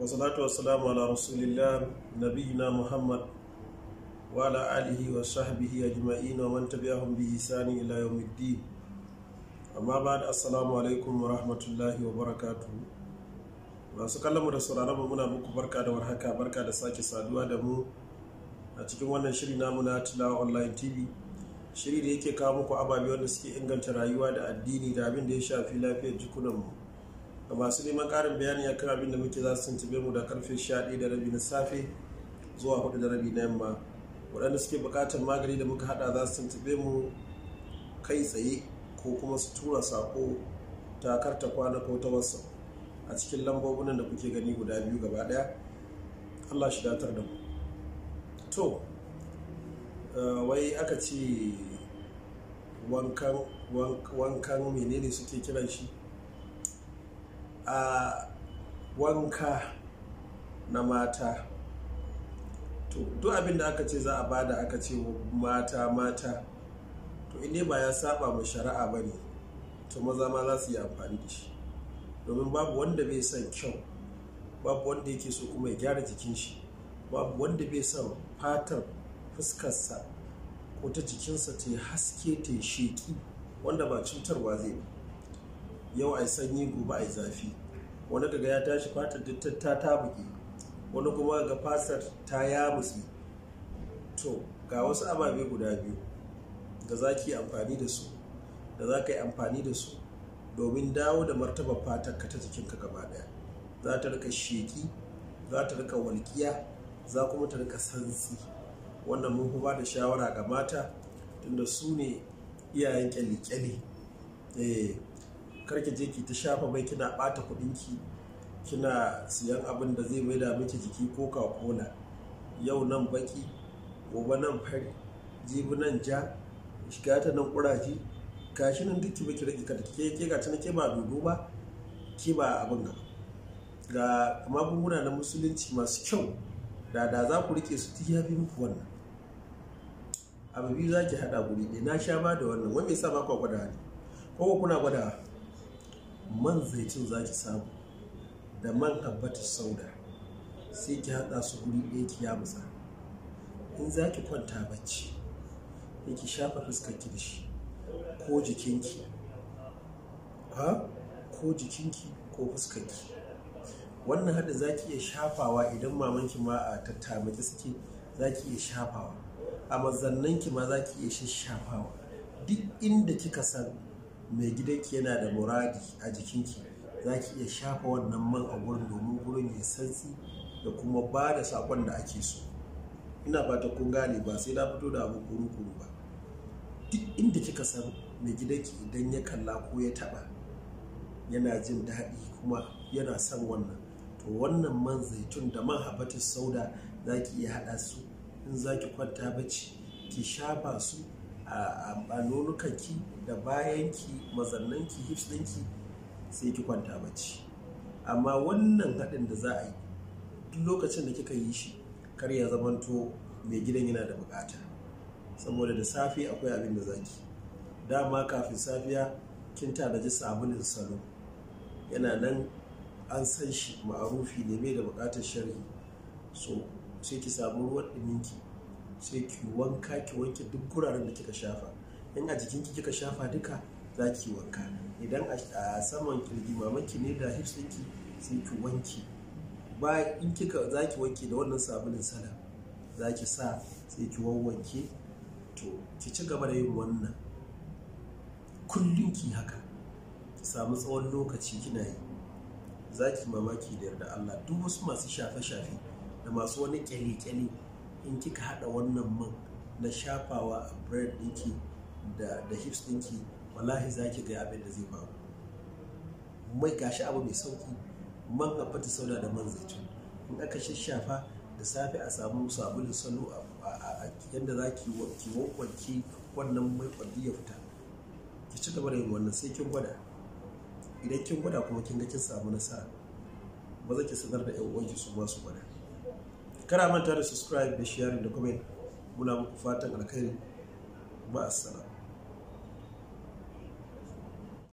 wasalatu wasalamu ala rasulillah nabiyina muhammad wa ala alihi wa sahbihi ajma'in wa man tabi'ahum bi ihsani ila yawmiddin amma ba'd assalamu alaikum wa rahmatullahi wa barakatuh masu kallon mu da sauraron mu muna muku barka da warhaka barka da sake saduwa da mu a cikin wannan shiri namu na tilawa online tv shiri da yake kawo muku ababe wanda suke inganta rayuwa da addini da abin da ya shafi lafiyar jikunanmu mu ga masu neman karin bayani akan abin da muke za su tuntube mu da karfe 11 da rabi na safe zuwa 4 da rabi na yamma waɗanda suke buƙatar magani da muka hada za su tuntube mu kai tsaye ko kuma su tura sako ta karta kwana ko ta wasu a cikin lambobin da kuke gani guda biyu gaba ɗaya allah shi datar da mu to eh, wai aka ce wankan menene suke kiran shi a wanka na mata to duk abin da aka ce za a bada aka ce mata mata to inda ba ya saba ma shari'a ba ne to maza ma za su yi amfani da shi domin babu wanda bai son kyau babu wanda yake so kuma ya gyara jikin shi babu wanda bai son fatar fuskarsa ko ta jikinsa ta yi haske ta yi sheƙi wanda ba cutarwa zai ba yau ai sanyi gobe ai zafi wani kaga ya tashi fatar duk ta tabuke wani kuma ga fasar ta yamutse to ga wasu ababe guda biyu da za ki amfani da su da za ka yi amfani da su domin dawo da martaba ka ta jikinka gaba daya za ta rika sheki za ta rika walƙiya za kuma ta rika santsi wannan mun kuma da shawara ga mata tunda su ne iyayen kyalikyali kyale eh, karki je ki ta shafa mai kina bata kudin ki kina siyan abin da zai maida miki jiki ko cola yau nan baki gobe nan fari jibi nan ja shiga ta nan kuraji Kashi nan duk kiba rage ka ke ke ga tana ke ba dodo ba ke ba abin ga ga magunguna na musulunci masu kyau da da za ku rike su ti yafi muku wannan abu biyu za ki haɗa guri ne na sha ba da wannan wani sa ba ku gwada ne ko kuna gwada man zaitun za ki samu da man tabbatar sauda sai ki haɗa su guri ɗaya ki musa in za ki kwanta bacci sai ki shafa fuskarki da shi ko jikinki ha ko jikinki ko fuskarki wannan hada za ki iya shafawa idan mamanki ma a tattamaki suke za ki iya shafawa a mazannanki ma za ki iya shafawa duk inda kika san mai gidanki yana da muradi a jikinki za ki iya shafa wannan man a gurin domin gurin ya santsi da kuma ba da sakon da ake so ina ta kun gane ba sai na fito da abu kuru-kuru ba duk inda kika san mai gidanki idan ya kalla ko ya taba yana jin daɗi kuma yana son wannan to wannan man zaitun da man habatis sauda za ki iya haɗa su in za ki kwanta bacci ki shafa su a nonukanki da bayanki mazannanki hips ɗinki sai ki kwanta bacci amma wannan haɗin da za a yi duk lokacin da kika yi shi kar ya zamanto mai gidan yana da bukata saboda da safe akwai abin da zaki dama kafin safiya kin ji sabulin salo yana nan an san shi ma'arufi ne mai da bukatar sharhi so sai ki samu ruwan ɗiminki sai ki wanka ki wanke duk guraren da kika shafa in a jikinki kika shafa duka za ki wanka idan a saman kirji mamaki ne da hips ki sai ki wanke ba in kika za ki wanke da wannan sabulin sala za ki sa sai ki wawwanke to ki ci gaba da yin wannan kullum ki haka ki samu tsawon lokaci kina yi za ki mamaki da yarda Allah duk wasu masu shafe-shafe da masu wani kyale-kyale in kika haɗa wannan man na shafawa a bread ɗinki da da hips ɗinki wallahi za ga abin da zai faru mai gashi abu mai sauki man fata sauda da man zaitun in aka shishafa da safe a samu sabulun salo a yadda za ki wanki wannan mai kwalli ya fita ki ci gaba da yin wannan sai kin gwada idan kin gwada kuma kin ga kin samu nasara ba za ki sanar da yan uwanki su ba su gwada kara manta da subscribe da sharing da comment muna muku fatan alkhairi assalam